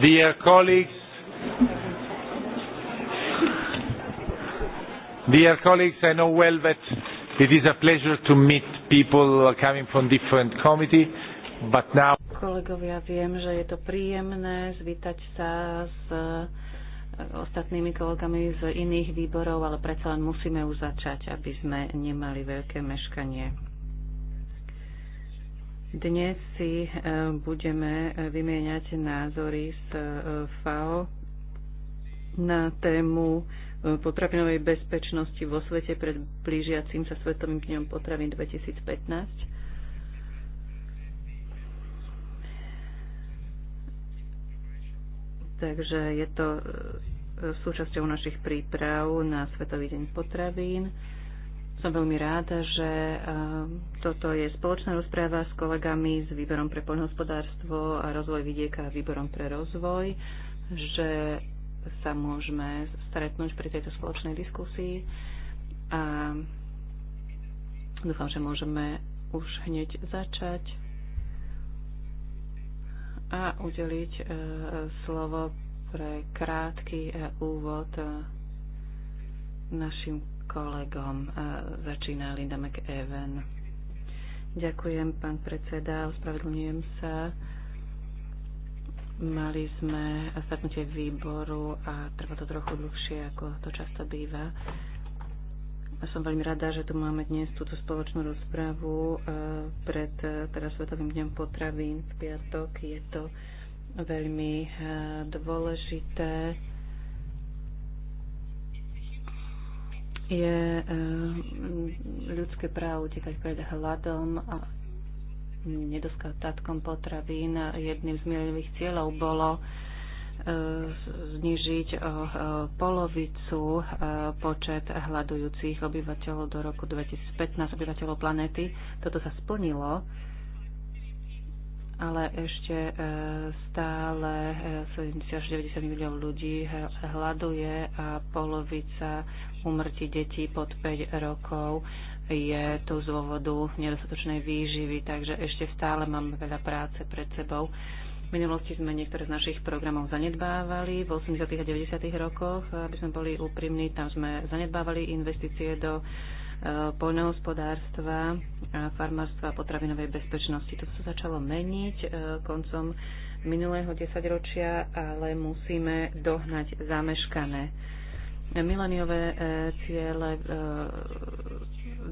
Dear colleagues, dear colleagues, I know well that it is a pleasure to meet people coming from different committee, but now... Kolegovia, viem, že je to príjemné zvítať sa s e, ostatnými kolegami z iných výborov, ale predsa len musíme už začať, aby sme nemali veľké meškanie. Dnes si e, budeme e, vymieňať názory z e, FAO na tému potravinovej bezpečnosti vo svete pred blížiacim sa Svetovým dňom potravín 2015. Takže je to súčasťou našich príprav na Svetový deň potravín. Som veľmi ráda, že eh, toto je spoločná rozpráva s kolegami s Výborom pre poľnohospodárstvo a rozvoj vidieka a Výborom pre rozvoj, že sa môžeme stretnúť pri tejto spoločnej diskusii a dúfam, že môžeme už hneď začať a udeliť eh, slovo pre krátky eh, úvod našim kolegom. E, začína Linda McEwen. Ďakujem, pán predseda. Ospravedlňujem sa. Mali sme stretnutie výboru a trvá to trochu dlhšie, ako to často býva. A som veľmi rada, že tu máme dnes túto spoločnú rozpravu e, pred e, teda Svetovým dňom potravín v piatok. Je to veľmi dôležité je eh, ľudské právo utekať pred hladom a nedostatkom potravín. Jedným z milových cieľov bolo eh, znižiť o eh, polovicu počet hľadujúcich obyvateľov do roku 2015, obyvateľov planéty. Toto sa splnilo ale ešte e, stále 70-90 e, miliónov ľudí e, hľaduje a polovica umrtí detí pod 5 rokov je tu z dôvodu nedostatočnej výživy, takže ešte stále máme veľa práce pred sebou. V minulosti sme niektoré z našich programov zanedbávali, v 80. a 90. rokoch, aby sme boli úprimní, tam sme zanedbávali investície do poľnohospodárstva, farmárstva a potravinovej bezpečnosti. To sa začalo meniť e, koncom minulého desaťročia, ale musíme dohnať zameškané. Mileniové e, ciele e,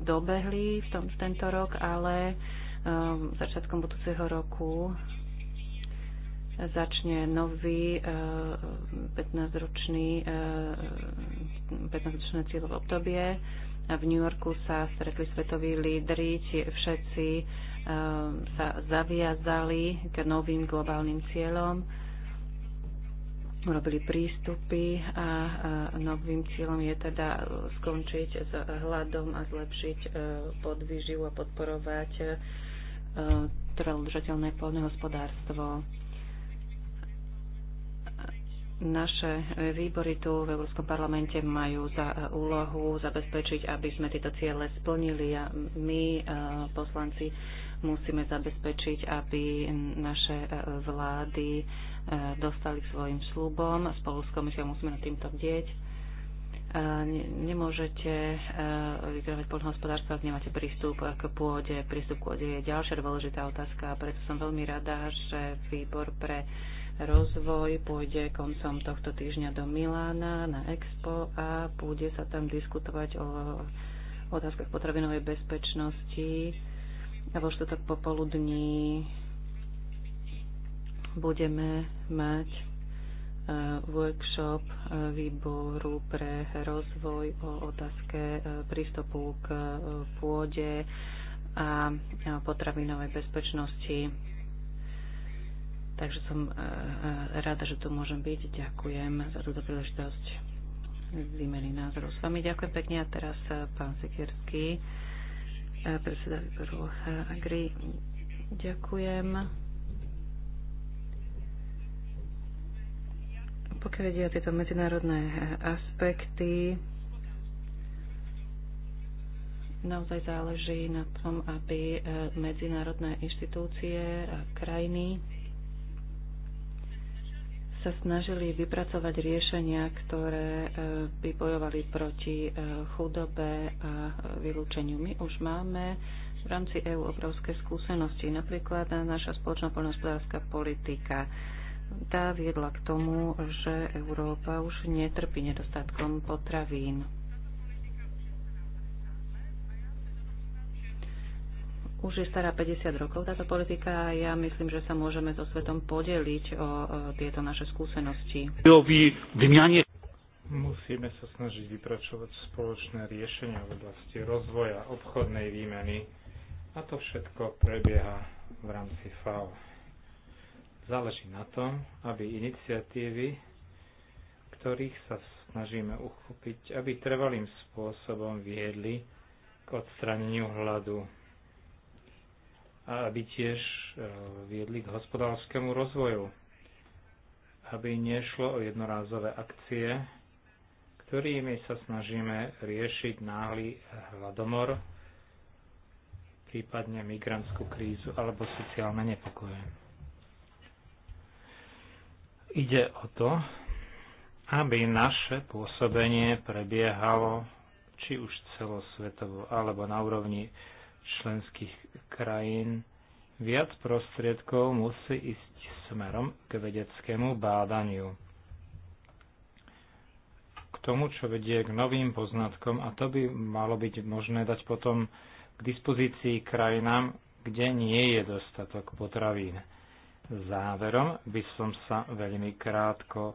dobehli v tom, tento rok, ale začiatkom budúceho roku začne nový 15-ročný 15-ročné cieľové obdobie v New Yorku sa stretli svetoví lídry, všetci eh, sa zaviazali k novým globálnym cieľom, robili prístupy a eh, novým cieľom je teda skončiť s hladom a zlepšiť eh, podvýživu a podporovať trvalodržateľné poľné hospodárstvo. Naše výbory tu v Európskom parlamente majú za e, úlohu zabezpečiť, aby sme tieto ciele splnili a my, e, poslanci, musíme zabezpečiť, aby naše e, vlády dostali k svojim slúbom. Spolu s komisiou musíme nad týmto bdieť. Nemôžete vykrávať poľnohospodárstvo, ak nemáte prístup k pôde. Prístup k pôde je ďalšia dôležitá otázka, preto som veľmi rada, že výbor pre rozvoj pôjde koncom tohto týždňa do Milána na Expo a bude sa tam diskutovať o otázkach potravinovej bezpečnosti. A vo štotok popoludní budeme mať e, workshop e, výboru pre rozvoj o otázke e, prístupu k pôde a potravinovej bezpečnosti Takže som eh, eh, rada, že tu môžem byť. Ďakujem za túto príležitosť výmeny názorov s vami. Ďakujem pekne a teraz eh, pán Sikierský, predseda výboru Agri. Ďakujem. Pokiaľ vedia o tieto medzinárodné aspekty, naozaj záleží na tom, aby medzinárodné inštitúcie a krajiny sa snažili vypracovať riešenia, ktoré by e, bojovali proti e, chudobe a vylúčeniu. My už máme v rámci EÚ obrovské skúsenosti, napríklad naša spoločná poľnohospodárska politika. Tá viedla k tomu, že Európa už netrpí nedostatkom potravín. Už je stará 50 rokov táto politika a ja myslím, že sa môžeme so svetom podeliť o, o tieto naše skúsenosti. Musíme sa snažiť vypračovať spoločné riešenia v oblasti rozvoja obchodnej výmeny a to všetko prebieha v rámci FAO. Záleží na tom, aby iniciatívy, ktorých sa snažíme uchopiť, aby trvalým spôsobom viedli k odstraneniu hladu a aby tiež e, viedli k hospodárskému rozvoju. Aby nešlo o jednorázové akcie, ktorými sa snažíme riešiť náhly hladomor, prípadne migrantskú krízu alebo sociálne nepokoje. Ide o to, aby naše pôsobenie prebiehalo či už celosvetovo alebo na úrovni členských krajín viac prostriedkov musí ísť smerom k vedeckému bádaniu. K tomu, čo vedie k novým poznatkom a to by malo byť možné dať potom k dispozícii krajinám, kde nie je dostatok potravín. Záverom by som sa veľmi krátko e,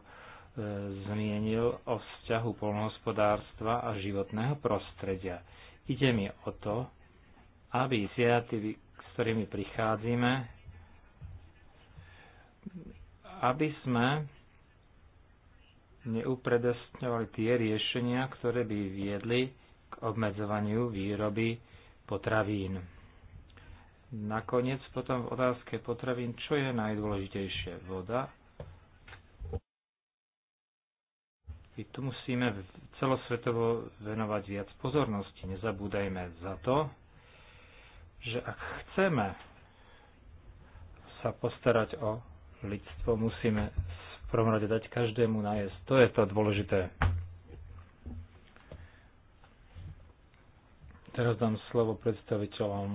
zmienil o vzťahu polnohospodárstva a životného prostredia. Ide mi o to, aby iniciatívy, s ktorými prichádzame, aby sme neupredestňovali tie riešenia, ktoré by viedli k obmedzovaniu výroby potravín. Nakoniec potom v otázke potravín, čo je najdôležitejšie? Voda, I tu musíme celosvetovo venovať viac pozornosti. Nezabúdajme za to, že ak chceme sa postarať o lidstvo, musíme v prvom rade dať každému najesť. To je to dôležité. Teraz dám slovo predstaviteľom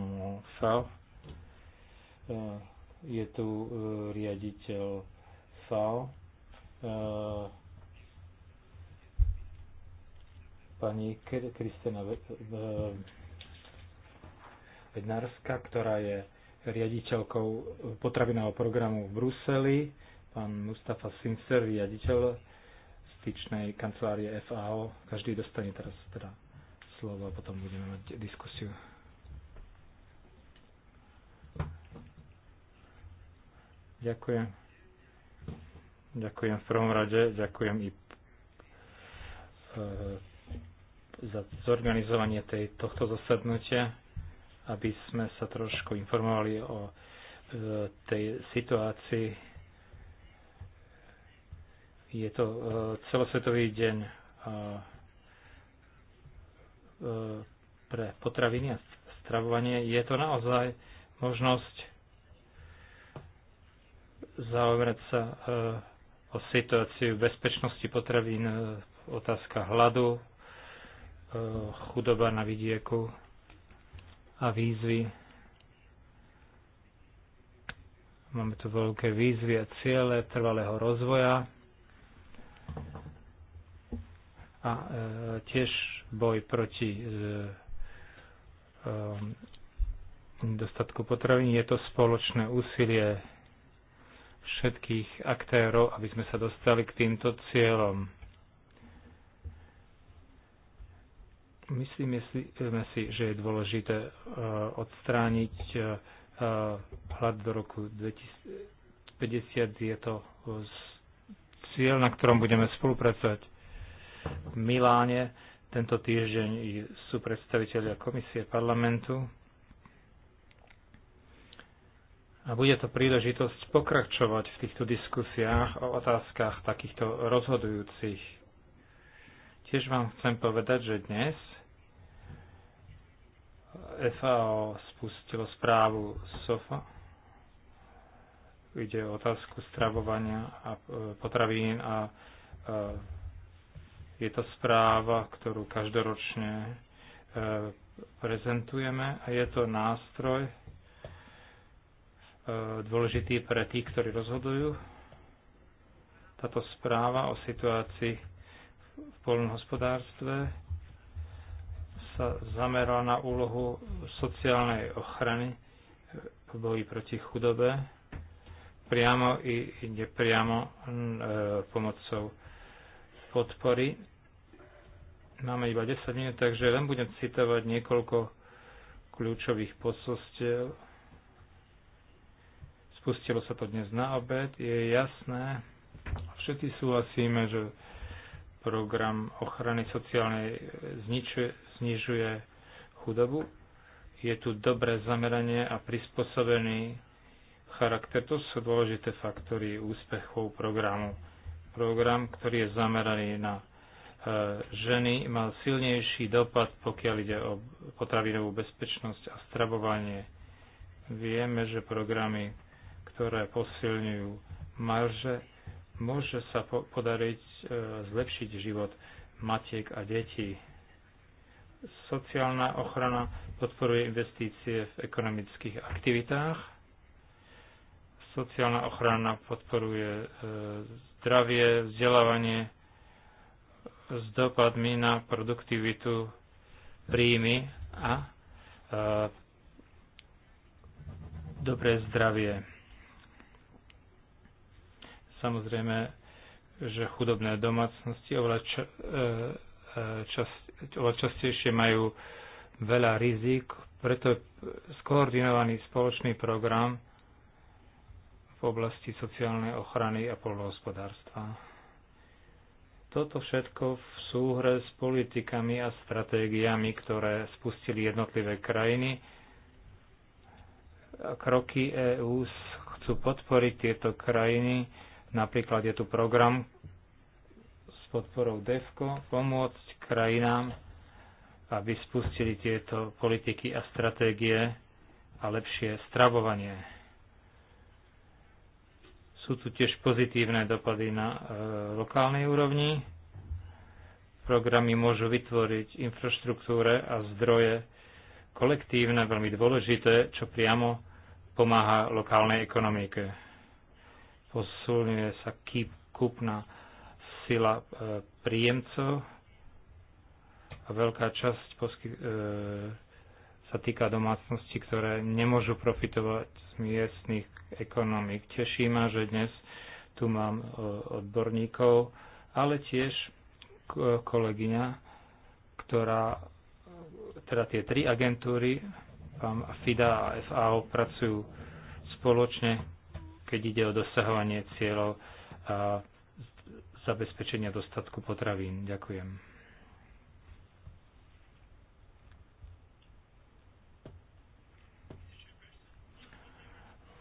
FAO. E, je tu e, riaditeľ FAO. E, pani Kristina Bednárska, ktorá je riaditeľkou potravinového programu v Bruseli, pán Mustafa Sincer, riaditeľ styčnej kancelárie FAO. Každý dostane teraz teda slovo a potom budeme mať diskusiu. Ďakujem. Ďakujem v prvom rade, ďakujem i e, za zorganizovanie tej, tohto zasadnutia aby sme sa trošku informovali o e, tej situácii. Je to e, celosvetový deň e, pre potraviny a stravovanie. Je to naozaj možnosť zaujímať sa o situáciu bezpečnosti potravín, otázka hladu, chudoba na vidieku, a výzvy. Máme tu veľké výzvy a ciele trvalého rozvoja a e, tiež boj proti e, e, dostatku potravín. Je to spoločné úsilie všetkých aktérov, aby sme sa dostali k týmto cieľom Myslíme si, že je dôležité eh, odstrániť eh, hlad do roku 2050. Je to eh, cieľ, na ktorom budeme spolupracovať v Miláne. Tento týždeň sú predstavitelia komisie parlamentu. A bude to príležitosť pokračovať v týchto diskusiách o otázkach takýchto rozhodujúcich. Tiež vám chcem povedať, že dnes FAO spustilo správu SOFA. Ide o otázku stravovania a e, potravín a e, je to správa, ktorú každoročne e, prezentujeme a je to nástroj dôležitý pre tých, ktorí rozhodujú. Táto správa o situácii v polnohospodárstve sa zameral na úlohu sociálnej ochrany v boji proti chudobe, priamo i nepriamo e, pomocou podpory. Máme iba 10 minút, takže len budem citovať niekoľko kľúčových posolstiev. Spustilo sa to dnes na obed, je jasné, všetci súhlasíme, že program ochrany sociálnej zničuje, znižuje chudobu. Je tu dobré zameranie a prispôsobený charakter. To sú dôležité faktory úspechov programu. Program, ktorý je zameraný na e, ženy, mal silnejší dopad, pokiaľ ide o potravinovú bezpečnosť a stravovanie. Vieme, že programy, ktoré posilňujú marže, môže sa podariť e, zlepšiť život matiek a detí. Sociálna ochrana podporuje investície v ekonomických aktivitách. Sociálna ochrana podporuje e, zdravie, vzdelávanie s dopadmi na produktivitu, príjmy a e, dobré zdravie. Samozrejme, že chudobné domácnosti oveľa ča, e, čas, častejšie majú veľa rizik, preto skoordinovaný spoločný program v oblasti sociálnej ochrany a polnohospodárstva. Toto všetko v súhre s politikami a stratégiami, ktoré spustili jednotlivé krajiny, kroky EÚ chcú podporiť tieto krajiny. Napríklad je tu program, podporou DEFCO pomôcť krajinám, aby spustili tieto politiky a stratégie a lepšie stravovanie. Sú tu tiež pozitívne dopady na e, lokálnej úrovni. Programy môžu vytvoriť infraštruktúre a zdroje kolektívne, veľmi dôležité, čo priamo pomáha lokálnej ekonomike. Posilňuje sa kýp, kúpna sila e, príjemcov a veľká časť posky, e, sa týka domácností, ktoré nemôžu profitovať z miestnych ekonomík. Teší ma, že dnes tu mám e, odborníkov, ale tiež kolegyňa, ktorá teda tie tri agentúry, FIDA a FAO, pracujú spoločne, keď ide o dosahovanie cieľov zabezpečenia dostatku potravín. Ďakujem.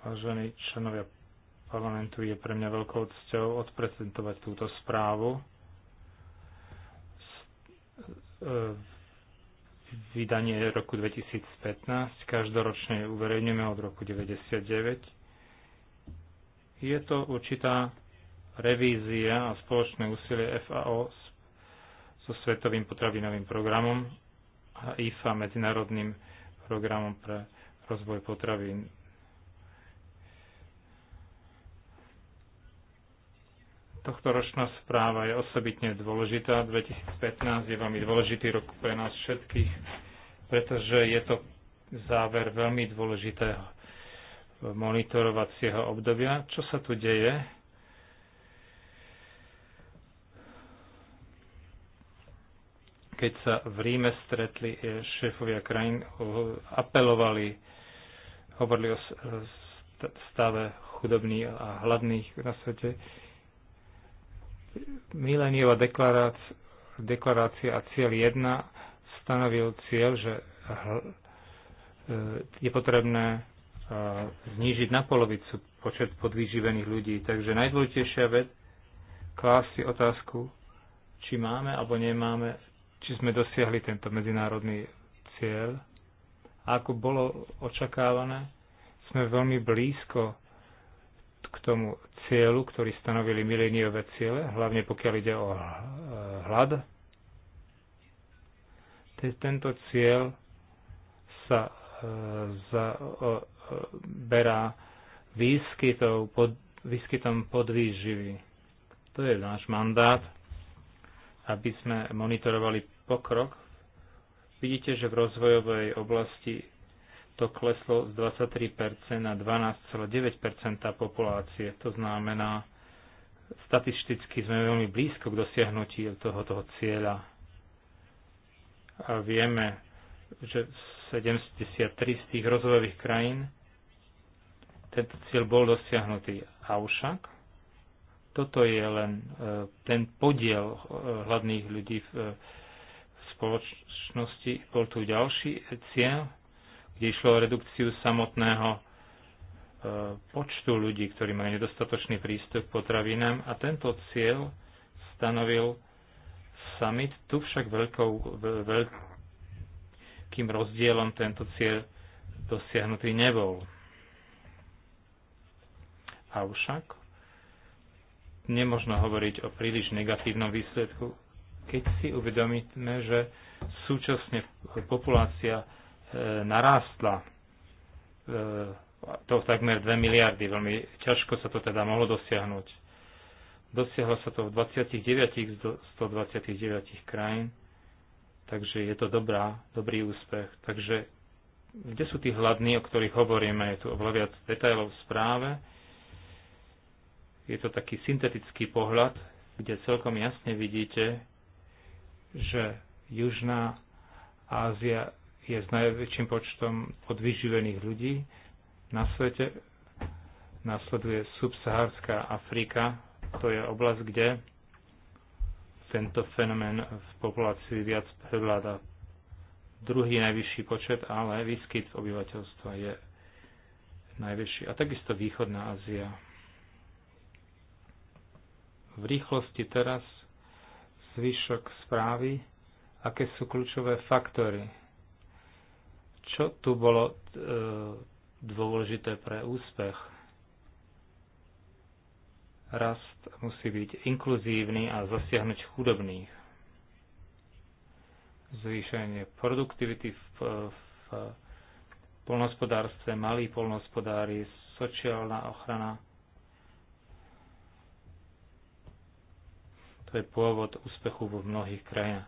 Vážení členovia parlamentu, je pre mňa veľkou cťou odprezentovať túto správu. E, vydanie roku 2015, každoročne uverejňujeme od roku 1999. Je to určitá revízia a spoločné úsilie FAO so Svetovým potravinovým programom a IFA Medzinárodným programom pre rozvoj potravín. Tohto ročná správa je osobitne dôležitá. 2015 je veľmi dôležitý rok pre nás všetkých, pretože je to záver veľmi dôležitého monitorovacieho obdobia. Čo sa tu deje? keď sa v Ríme stretli e, šéfovia krajín, apelovali, hovorili o e, stave chudobných a hladných na svete. Mileniova deklarácia a cieľ 1 stanovil cieľ, že e, je potrebné znížiť na polovicu počet podvýživených ľudí. Takže najdôležitejšia vec, klásť si otázku, či máme alebo nemáme či sme dosiahli tento medzinárodný cieľ. A ako bolo očakávané, sme veľmi blízko k tomu cieľu, ktorý stanovili miléniové ciele, hlavne pokiaľ ide o hlad. Tento cieľ sa e, zaberá e, pod, výskytom podvýživy. To je náš mandát aby sme monitorovali pokrok. Vidíte, že v rozvojovej oblasti to kleslo z 23% na 12,9% populácie. To znamená, statisticky sme veľmi blízko k dosiahnutí tohoto cieľa. A vieme, že 73 z tých rozvojových krajín tento cieľ bol dosiahnutý. Avšak toto je len e, ten podiel e, hladných ľudí e, v spoločnosti. Bol tu ďalší cieľ, kde išlo o redukciu samotného počtu ľudí, ktorí majú nedostatočný prístup k potravinám a tento cieľ stanovil summit. Tu však veľkou, veľkým rozdielom tento cieľ dosiahnutý nebol. Avšak nemožno hovoriť o príliš negatívnom výsledku, keď si uvedomíme, že súčasne populácia e, narástla e, to takmer 2 miliardy. Veľmi ťažko sa to teda mohlo dosiahnuť. Dosiahlo sa to v 29 z 129 krajín, takže je to dobrá, dobrý úspech. Takže kde sú tí hladní, o ktorých hovoríme? Je tu oveľa viac detajlov v správe. Je to taký syntetický pohľad, kde celkom jasne vidíte, že Južná Ázia je s najväčším počtom odvyživených ľudí na svete. Nasleduje subsahárska Afrika, to je oblasť, kde tento fenomén v populácii viac prevláda. Druhý najvyšší počet, ale výskyt obyvateľstva je najvyšší. A takisto východná Ázia v rýchlosti teraz zvyšok správy, aké sú kľúčové faktory. Čo tu bolo e, dôležité pre úspech? Rast musí byť inkluzívny a zasiahnuť chudobných. Zvýšenie produktivity v, e, v, v polnospodárstve, malí polnospodári, sociálna ochrana, To je pôvod úspechu vo mnohých krajinách.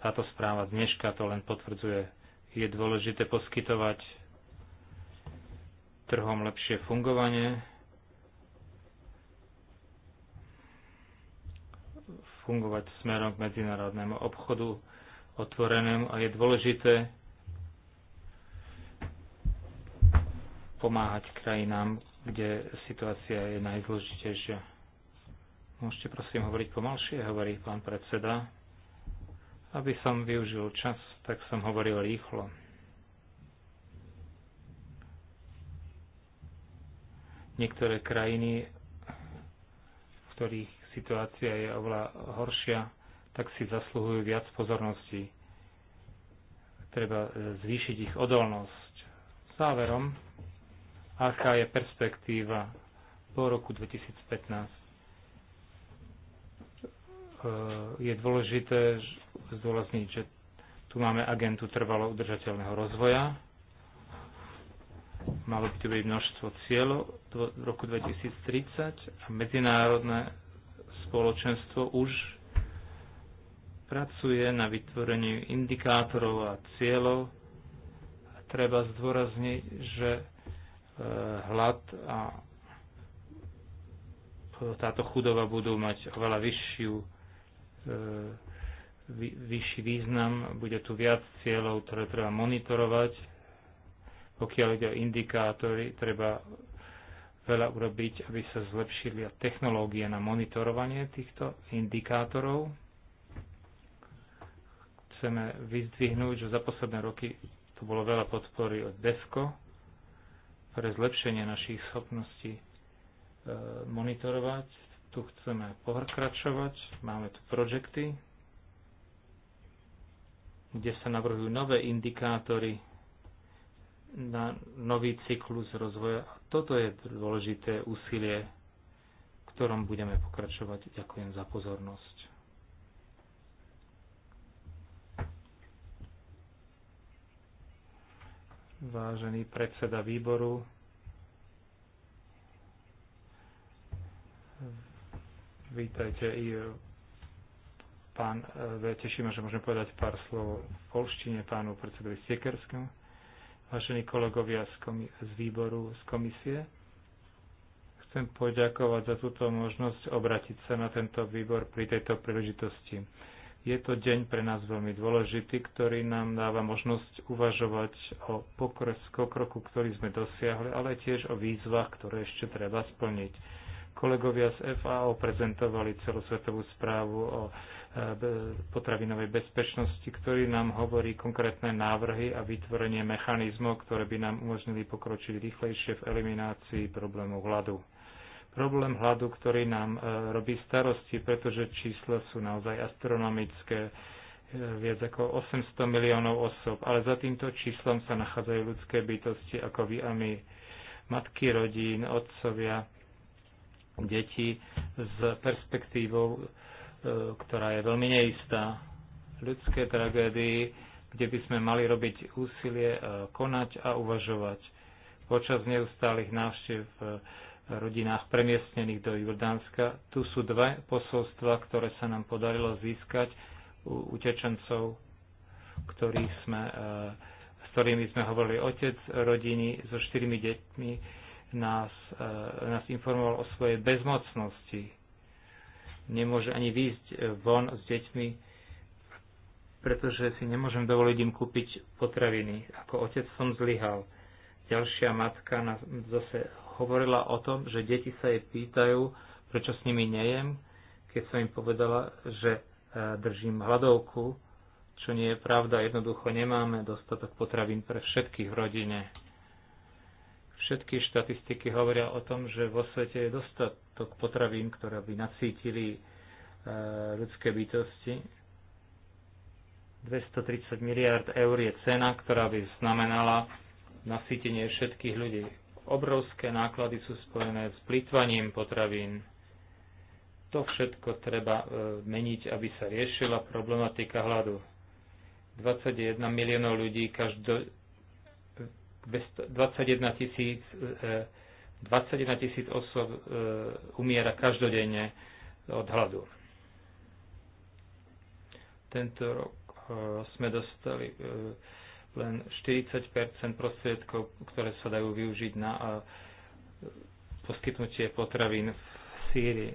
Táto správa dneška to len potvrdzuje. Je dôležité poskytovať trhom lepšie fungovanie, fungovať smerom k medzinárodnému obchodu otvorenému a je dôležité pomáhať krajinám, kde situácia je najzložitejšia. Môžete prosím hovoriť pomalšie, hovorí pán predseda. Aby som využil čas, tak som hovoril rýchlo. Niektoré krajiny, v ktorých situácia je oveľa horšia, tak si zasluhujú viac pozornosti. Treba e, zvýšiť ich odolnosť. Záverom, aká je perspektíva po roku 2015? E, je dôležité zdôrazniť, že tu máme agentu trvalo udržateľného rozvoja. Malo by tu byť množstvo cieľov v roku 2030 a medzinárodné spoločenstvo už pracuje na vytvorení indikátorov a cieľov. A treba zdôrazniť, že e, hlad a e, táto chudoba budú mať oveľa vyššiu E, vyšší význam, bude tu viac cieľov, ktoré treba monitorovať. Pokiaľ ide o indikátory, treba veľa urobiť, aby sa zlepšili technológie na monitorovanie týchto indikátorov. Chceme vyzdvihnúť, že za posledné roky tu bolo veľa podpory od DESCO pre zlepšenie našich schopností e, monitorovať tu chceme pokračovať. Máme tu projekty, kde sa navrhujú nové indikátory na nový cyklus rozvoja. A toto je dôležité úsilie, v ktorom budeme pokračovať. Ďakujem za pozornosť. Vážený predseda výboru, Vítajte i e, pán, e, tešíme, že môžem povedať pár slov v polštine pánu predsedovi Siekerskému, vašení kolegovia z, komi- z výboru, z komisie. Chcem poďakovať za túto možnosť obratiť sa na tento výbor pri tejto príležitosti. Je to deň pre nás veľmi dôležitý, ktorý nám dáva možnosť uvažovať o kroku, ktorý sme dosiahli, ale tiež o výzvach, ktoré ešte treba splniť Kolegovia z FAO prezentovali celosvetovú správu o e, potravinovej bezpečnosti, ktorý nám hovorí konkrétne návrhy a vytvorenie mechanizmov, ktoré by nám umožnili pokročiť rýchlejšie v eliminácii problému hladu. Problém hladu, ktorý nám e, robí starosti, pretože čísla sú naozaj astronomické, e, viac ako 800 miliónov osob, ale za týmto číslom sa nachádzajú ľudské bytosti ako vy a my, matky rodín, otcovia, Deti s perspektívou, e, ktorá je veľmi neistá. Ľudské tragédii, kde by sme mali robiť úsilie konať a uvažovať. Počas neustálych návštev v rodinách premiestnených do Jordánska. Tu sú dve posolstva, ktoré sa nám podarilo získať u utečencov, ktorých sme, e, s ktorými sme hovorili otec rodiny so štyrmi deťmi, nás, e, nás informoval o svojej bezmocnosti. Nemôže ani výjsť e, von s deťmi, pretože si nemôžem dovoliť im kúpiť potraviny. Ako otec som zlyhal. Ďalšia matka nás zase hovorila o tom, že deti sa jej pýtajú, prečo s nimi nejem, keď som im povedala, že e, držím hladovku, čo nie je pravda, jednoducho nemáme dostatok potravín pre všetkých v rodine. Všetky štatistiky hovoria o tom, že vo svete je dostatok potravín, ktoré by nasítili e, ľudské bytosti. 230 miliard eur je cena, ktorá by znamenala nasýtenie všetkých ľudí. Obrovské náklady sú spojené s plýtvaním potravín. To všetko treba e, meniť, aby sa riešila problematika hladu. 21 miliónov ľudí každoročne 21 tisíc 21 e, tisíc osob e, umiera každodenne od hladu. Tento rok e, sme dostali len 40 prostriedkov, ktoré sa dajú využiť na poskytnutie potravín v Sýrii.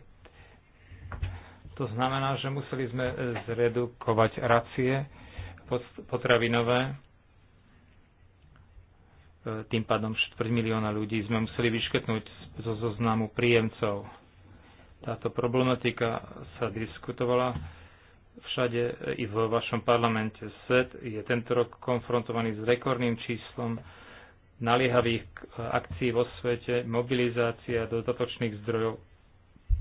To znamená, že museli sme zredukovať racie potravinové tým pádom 4 milióna ľudí sme museli vyškrtnúť zo zoznamu príjemcov. Táto problematika sa diskutovala všade i vo vašom parlamente. Svet je tento rok konfrontovaný s rekordným číslom naliehavých akcií vo svete, mobilizácia dodatočných zdrojov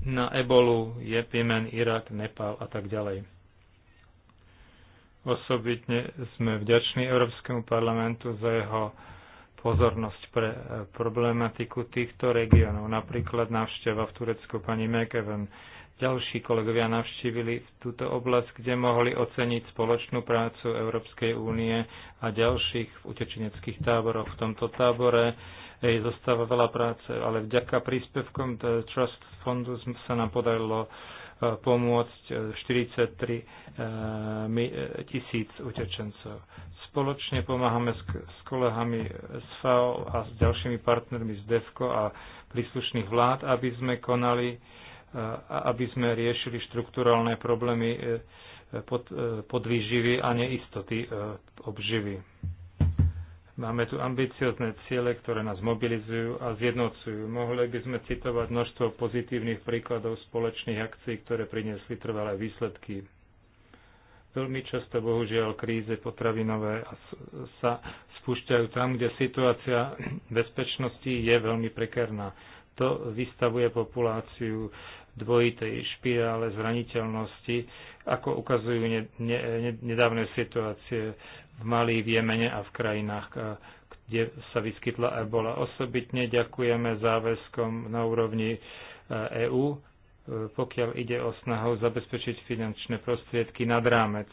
na ebolu, Jemen, Irak, Nepal a tak ďalej. Osobitne sme vďační Európskemu parlamentu za jeho pozornosť pre e, problematiku týchto regiónov. Napríklad návšteva v Turecku pani Mekeven. Ďalší kolegovia navštívili túto oblasť, kde mohli oceniť spoločnú prácu Európskej únie a ďalších v utečeneckých táboroch. V tomto tábore jej zostáva veľa práce, ale vďaka príspevkom The Trust Fondu sa nám podarilo uh, pomôcť 43 e, e, e, tisíc utečencov. Spoločne pomáhame s kolegami z FAO a s ďalšími partnermi z DEFCO a príslušných vlád, aby sme konali, aby sme riešili štruktúralné problémy podvýživy a neistoty obživy. Máme tu ambiciozne ciele, ktoré nás mobilizujú a zjednocujú. Mohli by sme citovať množstvo pozitívnych príkladov spoločných akcií, ktoré priniesli trvalé výsledky. Veľmi často, bohužiaľ, kríze potravinové sa spúšťajú tam, kde situácia bezpečnosti je veľmi prekerná. To vystavuje populáciu dvojitej špirále zraniteľnosti, ako ukazujú nedávne situácie v Mali, v Jemene a v krajinách, kde sa vyskytla ebola. Osobitne ďakujeme záväzkom na úrovni EÚ, e e, pokiaľ ide o snahu zabezpečiť finančné prostriedky nad rámec,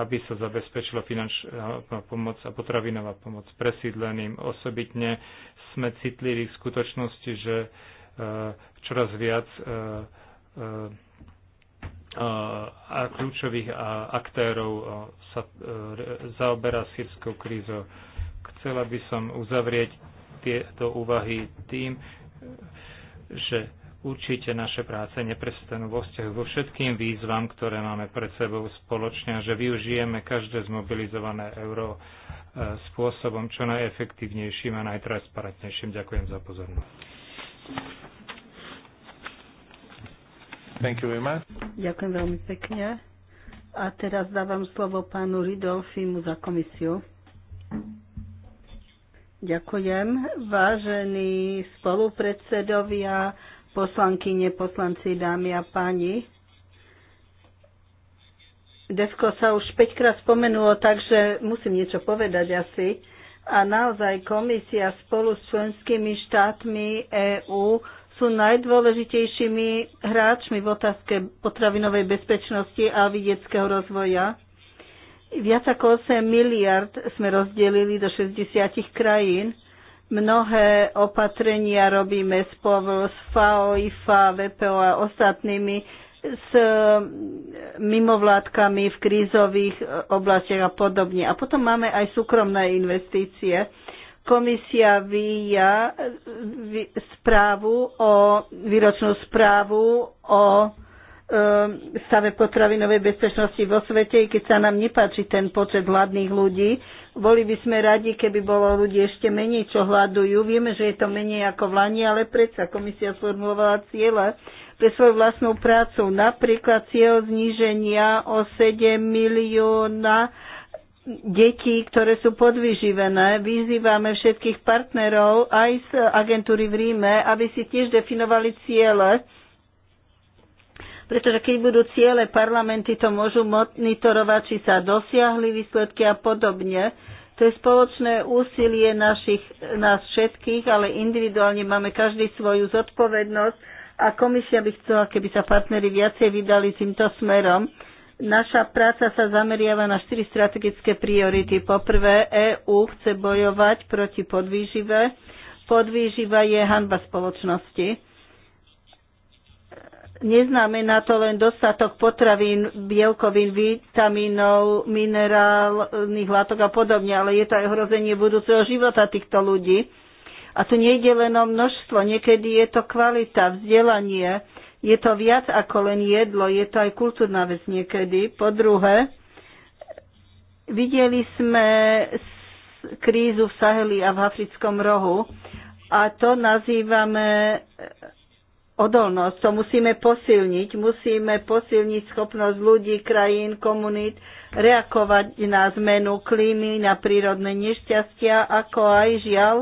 aby sa zabezpečila finančná pomoc a potravinová pomoc presídleným. Osobitne sme citliví v skutočnosti, že e, čoraz viac a kľúčových aktérov sa e, zaoberá sírskou krízou. Chcela by som uzavrieť tieto úvahy tým, že určite naše práce neprestanú vo vzťahu vo všetkým výzvam, ktoré máme pred sebou spoločne a že využijeme každé zmobilizované euro e, spôsobom čo najefektívnejším a najtransparentnejším. Ďakujem za pozornosť. Thank you very much. Ďakujem veľmi pekne. A teraz dávam slovo pánu Ridolfimu za komisiu. Ďakujem. Vážení spolupredsedovia, poslankyne, poslanci, dámy a páni. Desko sa už 5 krát spomenulo, takže musím niečo povedať asi. A naozaj komisia spolu s členskými štátmi EÚ sú najdôležitejšími hráčmi v otázke potravinovej bezpečnosti a vidieckého rozvoja. Viac ako 8 miliard sme rozdelili do 60 krajín. Mnohé opatrenia robíme spolu s FAO, IFA, VPO a ostatnými s e, mimovládkami v krízových e, oblastiach a podobne. A potom máme aj súkromné investície. Komisia vyja správu o, výročnú správu o um, stave potravinovej bezpečnosti vo svete, i keď sa nám nepáči ten počet hladných ľudí. Boli by sme radi, keby bolo ľudí ešte menej, čo hľadujú. Vieme, že je to menej ako v Lani, ale predsa komisia sformulovala cieľa pre svoju vlastnú prácu. Napríklad cieľ zníženia o 7 milióna detí, ktoré sú podvyživené. Vyzývame všetkých partnerov aj z agentúry v Ríme, aby si tiež definovali ciele, pretože keď budú ciele, parlamenty to môžu monitorovať, či sa dosiahli výsledky a podobne. To je spoločné úsilie našich, nás všetkých, ale individuálne máme každý svoju zodpovednosť a komisia by chcela, keby sa partnery viacej vydali týmto smerom. Naša práca sa zameriava na štyri strategické priority. Poprvé, EÚ chce bojovať proti podvýžive. Podvýživa je hanba spoločnosti. Neznamená to len dostatok potravín, bielkovín, vitamínov, minerálnych látok a podobne, ale je to aj hrozenie budúceho života týchto ľudí. A tu nejde len o množstvo, niekedy je to kvalita, vzdelanie, je to viac ako len jedlo, je to aj kultúrna vec niekedy. Po druhé, videli sme krízu v Saheli a v africkom rohu a to nazývame odolnosť. To musíme posilniť. Musíme posilniť schopnosť ľudí, krajín, komunít reakovať na zmenu klímy, na prírodné nešťastia, ako aj žiaľ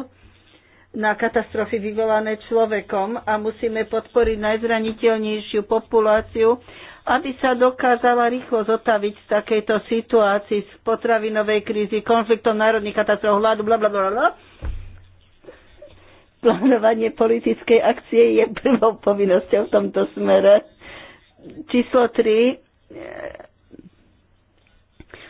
na katastrofy vyvolané človekom a musíme podporiť najzraniteľnejšiu populáciu, aby sa dokázala rýchlo zotaviť z takejto situácii, z potravinovej krízy, konfliktov, národných katastrof, hladu, bla, bla, bla, bla. Plánovanie politickej akcie je prvou povinnosťou v tomto smere. Číslo 3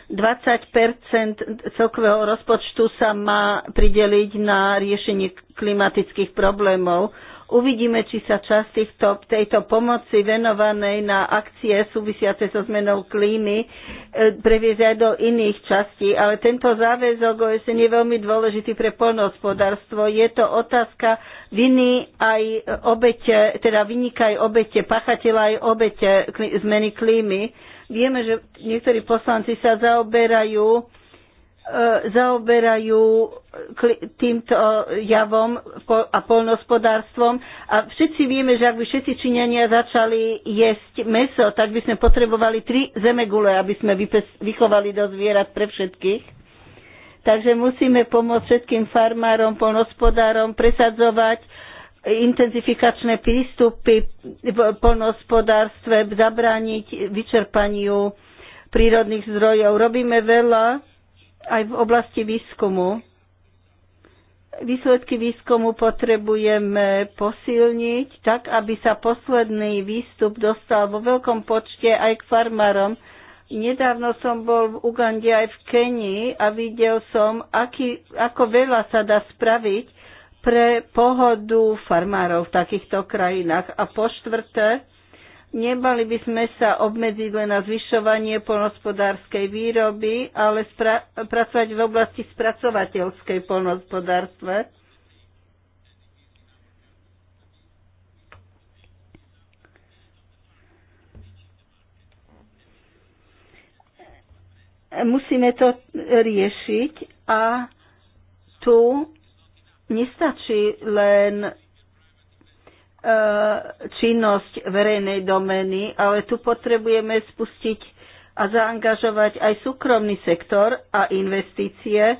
20 celkového rozpočtu sa má prideliť na riešenie klimatických problémov. Uvidíme, či sa časť týchto, tejto pomoci venovanej na akcie súvisiace so zmenou klímy e, previezie aj do iných častí, ale tento záväzok OSN je veľmi dôležitý pre polnohospodárstvo. Je to otázka viny aj obete, teda vynikaj obete, pachateľa aj obete zmeny klímy Vieme, že niektorí poslanci sa zaoberajú e, zaoberajú týmto javom a polnospodárstvom. A všetci vieme, že ak by všetci Číňania začali jesť meso, tak by sme potrebovali tri zemegule, aby sme vychovali do zvierat pre všetkých. Takže musíme pomôcť všetkým farmárom, polnospodárom presadzovať intenzifikačné prístupy v polnohospodárstve, zabrániť vyčerpaniu prírodných zdrojov. Robíme veľa aj v oblasti výskumu. Výsledky výskumu potrebujeme posilniť tak, aby sa posledný výstup dostal vo veľkom počte aj k farmárom. Nedávno som bol v Ugande aj v Kenii a videl som, aký, ako veľa sa dá spraviť pre pohodu farmárov v takýchto krajinách. A po štvrté, nemali by sme sa obmedziť len na zvyšovanie polnospodárskej výroby, ale pracovať v oblasti spracovateľskej polnospodárstve. Musíme to riešiť a tu nestačí len e, činnosť verejnej domény, ale tu potrebujeme spustiť a zaangažovať aj súkromný sektor a investície,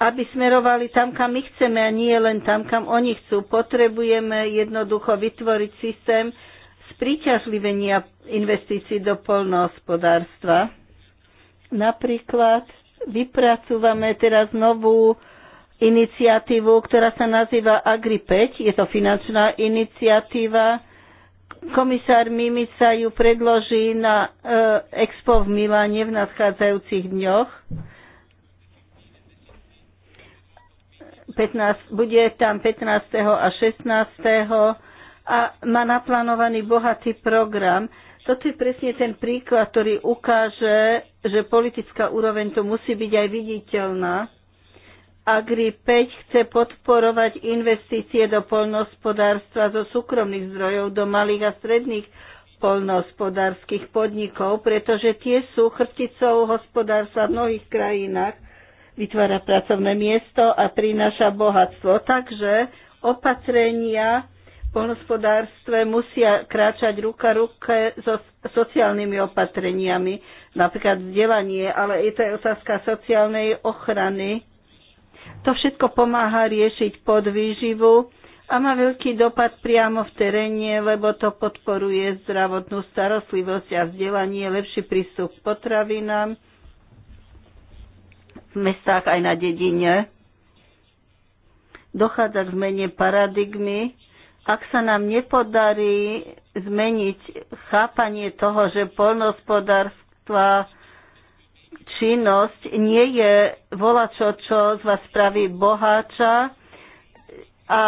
aby smerovali tam, kam my chceme a nie len tam, kam oni chcú. Potrebujeme jednoducho vytvoriť systém spriťažlivenia investícií do polnohospodárstva. Napríklad vypracúvame teraz novú iniciatívu, ktorá sa nazýva Agri 5. Je to finančná iniciatíva. Komisár Mimica ju predloží na e, Expo v Miláne v nadchádzajúcich dňoch. 15, bude tam 15. a 16. a má naplánovaný bohatý program. Toto je presne ten príklad, ktorý ukáže, že politická úroveň tu musí byť aj viditeľná. Agri 5 chce podporovať investície do polnohospodárstva zo súkromných zdrojov do malých a stredných poľnohospodárskych podnikov, pretože tie sú chrticou hospodárstva v mnohých krajinách, vytvára pracovné miesto a prináša bohatstvo. Takže opatrenia v polnohospodárstve musia kráčať ruka ruke so sociálnymi opatreniami, napríklad vzdelanie, ale je to aj otázka sociálnej ochrany to všetko pomáha riešiť podvýživu a má veľký dopad priamo v teréne, lebo to podporuje zdravotnú starostlivosť a vzdelanie, lepší prístup k potravinám v mestách aj na dedine. Dochádza k zmene paradigmy. Ak sa nám nepodarí zmeniť chápanie toho, že polnospodárstva činnosť nie je volačo, čo z vás spraví boháča a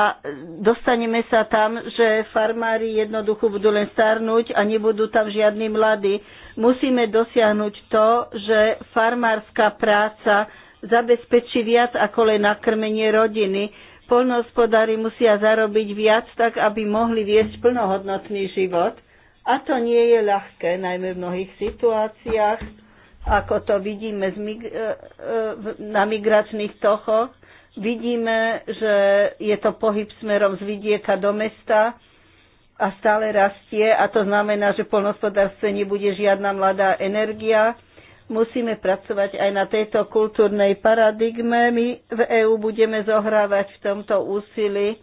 dostaneme sa tam, že farmári jednoducho budú len starnúť a nebudú tam žiadni mladí. Musíme dosiahnuť to, že farmárska práca zabezpečí viac ako len nakrmenie rodiny. Polnohospodári musia zarobiť viac tak, aby mohli viesť plnohodnotný život. A to nie je ľahké, najmä v mnohých situáciách ako to vidíme e, e, na migračných tochoch. Vidíme, že je to pohyb smerom z vidieka do mesta a stále rastie a to znamená, že v polnospodárstve nebude žiadna mladá energia. Musíme pracovať aj na tejto kultúrnej paradigme. My v EÚ budeme zohrávať v tomto úsilí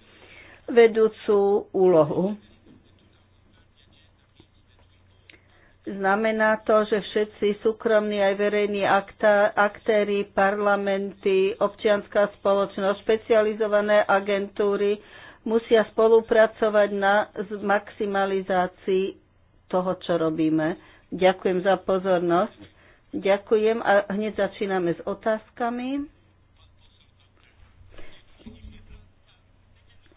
vedúcu úlohu. Znamená to, že všetci súkromní aj verejní aktá, aktéry, parlamenty, občianská spoločnosť, špecializované agentúry musia spolupracovať na maximalizácii toho, čo robíme. Ďakujem za pozornosť. Ďakujem a hneď začíname s otázkami.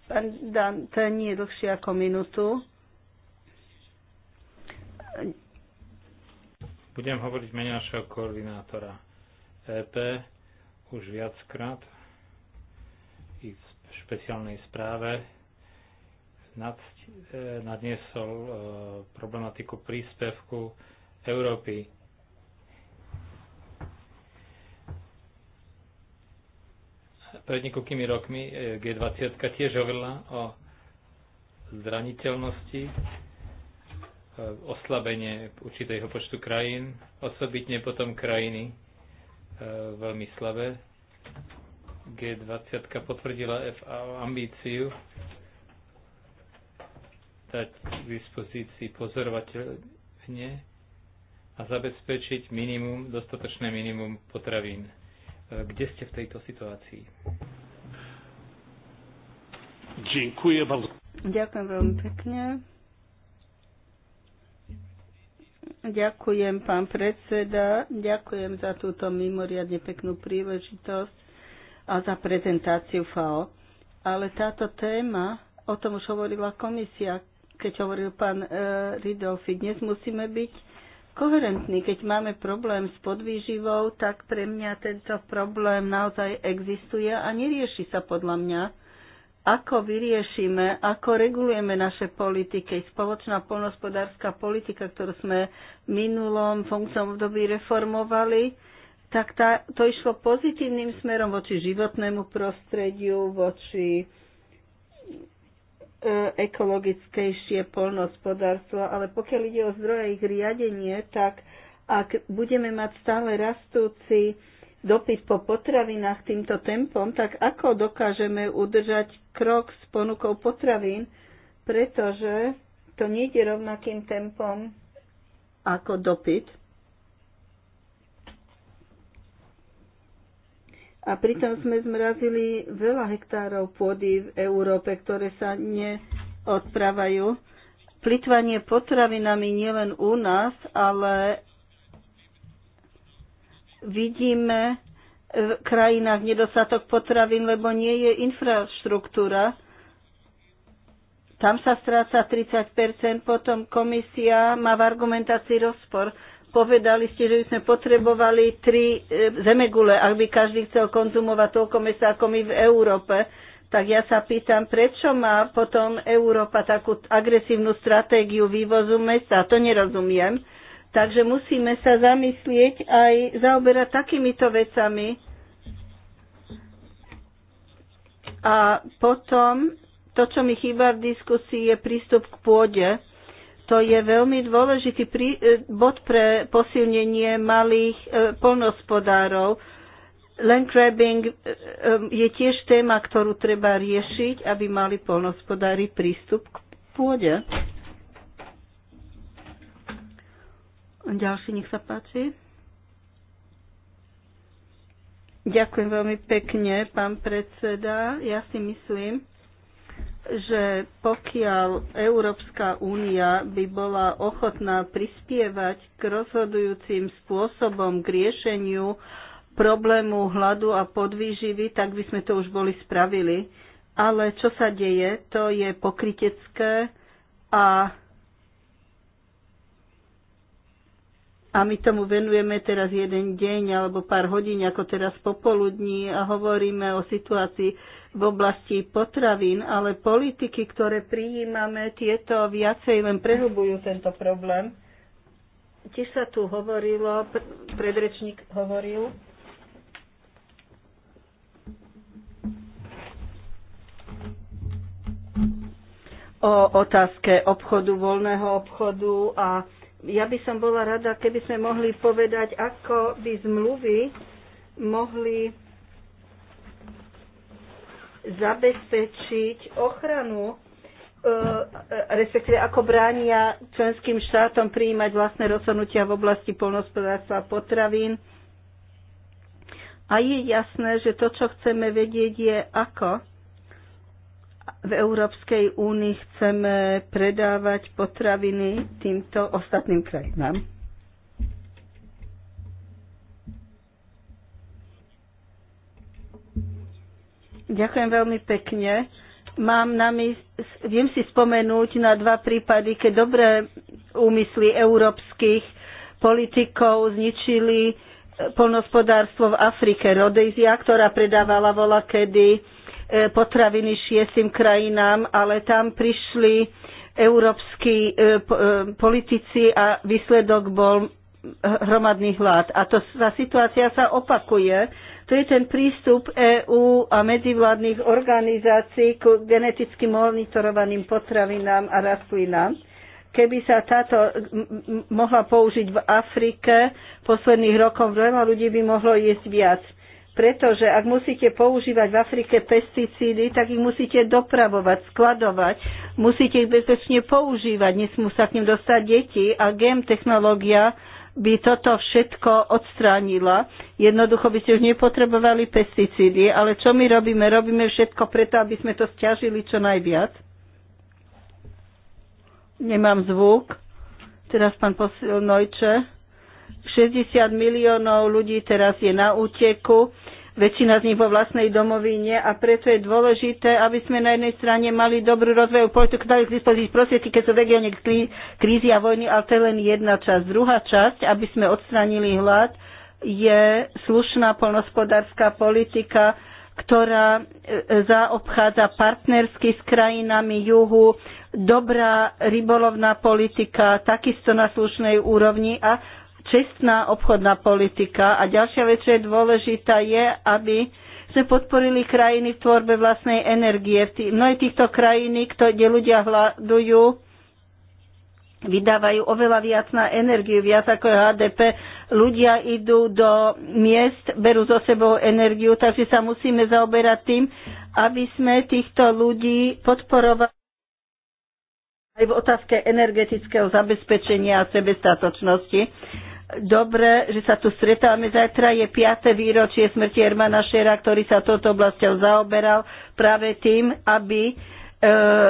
Pán Dan, to nie je dlhšie ako minútu budem hovoriť mene našeho koordinátora EP už viackrát i v špeciálnej správe nad, e, nadniesol e, problematiku príspevku Európy pred niekoľkými rokmi e, G20 tiež hovorila o zraniteľnosti Eh, oslabenie určitého počtu krajín, osobitne potom krajiny eh, veľmi slabé. G20 potvrdila FAO ambíciu dať k dispozícii pozorovateľne a zabezpečiť minimum, dostatočné minimum potravín. Eh, kde ste v tejto situácii? Ďakujem veľmi pekne. Ďakujem, pán predseda. Ďakujem za túto mimoriadne peknú príležitosť a za prezentáciu FAO. Ale táto téma, o tom už hovorila komisia, keď hovoril pán e, Ridolfi, dnes musíme byť koherentní. Keď máme problém s podvýživou, tak pre mňa tento problém naozaj existuje a nerieši sa podľa mňa ako vyriešime, ako regulujeme naše politiky. Spoločná polnospodárska politika, ktorú sme v minulom funkčnom období reformovali, tak tá, to išlo pozitívnym smerom voči životnému prostrediu, voči e, ekologickejšie polnospodárstvo, ale pokiaľ ide o zdroje ich riadenie, tak ak budeme mať stále rastúci dopyt po potravinách týmto tempom, tak ako dokážeme udržať krok s ponukou potravín, pretože to nejde rovnakým tempom ako dopyt. A pritom sme zmrazili veľa hektárov pôdy v Európe, ktoré sa neodpravajú. Plitvanie potravinami nielen u nás, ale Vidíme v krajinách nedostatok potravín, lebo nie je infraštruktúra. Tam sa stráca 30 potom komisia má v argumentácii rozpor. Povedali ste, že by sme potrebovali tri e, zemegule, ak by každý chcel konzumovať toľko mesa ako my v Európe. Tak ja sa pýtam, prečo má potom Európa takú agresívnu stratégiu vývozu mesa? To nerozumiem. Takže musíme sa zamyslieť aj zaoberať takýmito vecami. A potom to, čo mi chýba v diskusii, je prístup k pôde. To je veľmi dôležitý prí, e, bod pre posilnenie malých e, polnospodárov. Land grabbing e, e, je tiež téma, ktorú treba riešiť, aby mali polnospodári prístup k pôde. Ďalší, nech sa páči. Ďakujem veľmi pekne, pán predseda. Ja si myslím, že pokiaľ Európska únia by bola ochotná prispievať k rozhodujúcim spôsobom k riešeniu problému hladu a podvýživy, tak by sme to už boli spravili. Ale čo sa deje, to je pokrytecké a a my tomu venujeme teraz jeden deň alebo pár hodín, ako teraz popoludní a hovoríme o situácii v oblasti potravín, ale politiky, ktoré prijímame, tieto viacej len prehubujú tento problém. Tiež sa tu hovorilo, predrečník hovoril, o otázke obchodu, voľného obchodu a ja by som bola rada, keby sme mohli povedať, ako by zmluvy mohli zabezpečiť ochranu, e, e, respektíve ako bránia členským štátom prijímať vlastné rozhodnutia v oblasti polnospodárstva a potravín. A je jasné, že to, čo chceme vedieť, je ako v Európskej únii chceme predávať potraviny týmto ostatným krajinám? Ďakujem veľmi pekne. Mám na mys- viem si spomenúť na dva prípady, keď dobré úmysly európskych politikov zničili eh, polnospodárstvo v Afrike. Rodezia, ktorá predávala vola kedy E, potraviny šiestim krajinám, ale tam prišli európsky e, e, politici a výsledok bol hromadných vlád. A to, tá situácia sa opakuje. To je ten prístup EÚ a medzivládnych organizácií k geneticky monitorovaným potravinám a rastlinám keby sa táto mohla použiť v Afrike, posledných rokov veľa ľudí by mohlo jesť viac. Pretože ak musíte používať v Afrike pesticídy, tak ich musíte dopravovať, skladovať, musíte ich bezpečne používať, nesmú sa k ním dostať deti a GM technológia by toto všetko odstránila. Jednoducho by ste už nepotrebovali pesticídy, ale čo my robíme? Robíme všetko preto, aby sme to stiažili čo najviac. Nemám zvuk. Teraz pán posil Nojče. 60 miliónov ľudí teraz je na úteku väčšina z nich vo vlastnej domovine a preto je dôležité, aby sme na jednej strane mali dobrú rozvojovú politiku, dali k dispozícii prostriedky, keď sú v regióne krízy a vojny, ale to je len jedna časť. Druhá časť, aby sme odstranili hlad, je slušná polnospodárska politika, ktorá e, e, zaobchádza partnersky s krajinami juhu, dobrá rybolovná politika, takisto na slušnej úrovni a čestná obchodná politika. A ďalšia vec, čo je dôležitá, je, aby sme podporili krajiny v tvorbe vlastnej energie. Mnohé týchto krajiny, kde ľudia hľadujú, vydávajú oveľa viac na energiu, viac ako je HDP. Ľudia idú do miest, berú so sebou energiu, takže sa musíme zaoberať tým, aby sme týchto ľudí podporovali aj v otázke energetického zabezpečenia a sebestatočnosti dobre, že sa tu stretávame. Zajtra je 5. výročie smrti Hermana Šera, ktorý sa touto oblasťou zaoberal práve tým, aby e,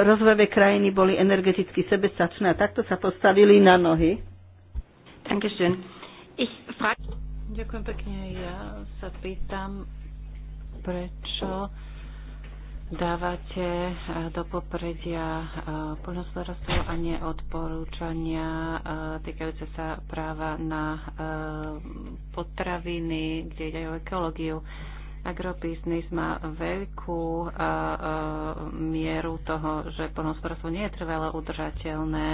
rozvojové krajiny boli energeticky sebestačné a takto sa postavili na nohy. Ďakujem pekne. Ja sa pýtam, prečo dávate eh, do popredia eh, poľnohospodárstvo a nie odporúčania eh, týkajúce sa práva na potraviny, kde ide o ekológiu. Agrobiznis má veľkú mieru toho, že poľnohospodárstvo nie je trvalo udržateľné,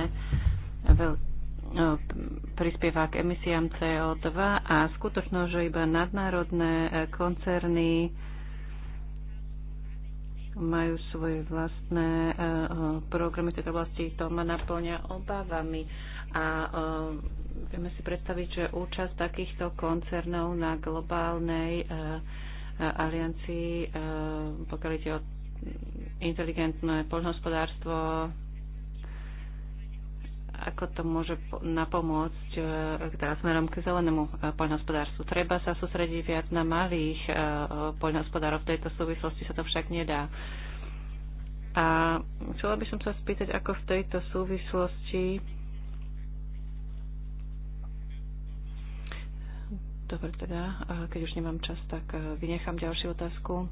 no, prispieva k emisiám CO2 a skutočnosť, že iba nadnárodné koncerny majú svoje vlastné eh, eh, programy v tejto oblasti, to ma naplňa obavami. A eh, vieme si predstaviť, že účasť takýchto koncernov na globálnej aliancii, pokiaľ ide o inteligentné poľnohospodárstvo, ako to môže napomôcť e, teda smerom k zelenému e, poľnohospodárstvu. Treba sa sústrediť viac na malých e, poľnohospodárov. V tejto súvislosti sa to však nedá. A chcela by som sa spýtať, ako v tejto súvislosti Dobre, teda, keď už nemám čas, tak vynechám ďalšiu otázku.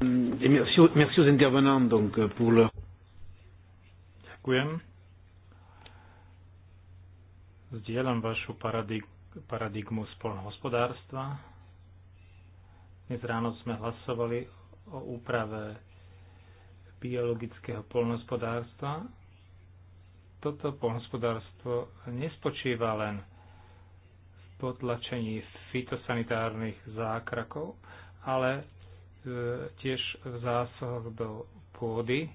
Merci, merci aux intervenants, donc, pour leur... Ďakujem Zdieľam vašu paradig- paradigmu spolnohospodárstva. Dnes ráno sme hlasovali o úprave biologického polnohospodárstva. Toto polnohospodárstvo nespočíva len v potlačení fitosanitárnych zákrakov, ale e, tiež v zásahoch do pôdy,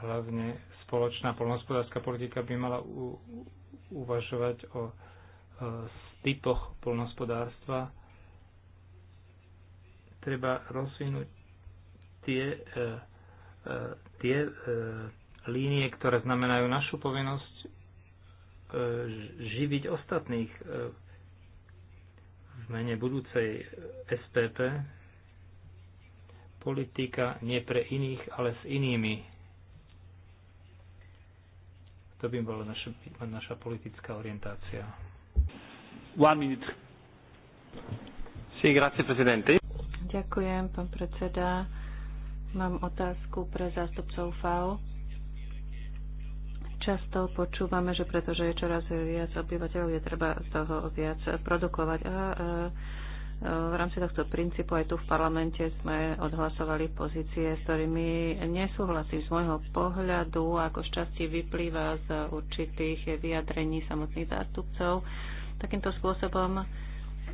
hlavne spoločná polnohospodárska politika by mala u, uvažovať o e, typoch polnohospodárstva. Treba rozvinúť tie, e, e, tie e, línie, ktoré znamenajú našu povinnosť e, živiť ostatných e, v mene budúcej SPP politika nie pre iných, ale s inými to by bola naša, naša politická orientácia. One minute. Sí, grazie, presidente. Ďakujem, pán predseda. Mám otázku pre zástupcov FAO. Často počúvame, že pretože je čoraz viac obyvateľov, je treba z toho viac produkovať. A, a v rámci tohto princípu aj tu v parlamente sme odhlasovali pozície, s ktorými nesúhlasím z môjho pohľadu, ako šťastie vyplýva z určitých vyjadrení samotných zástupcov. Takýmto spôsobom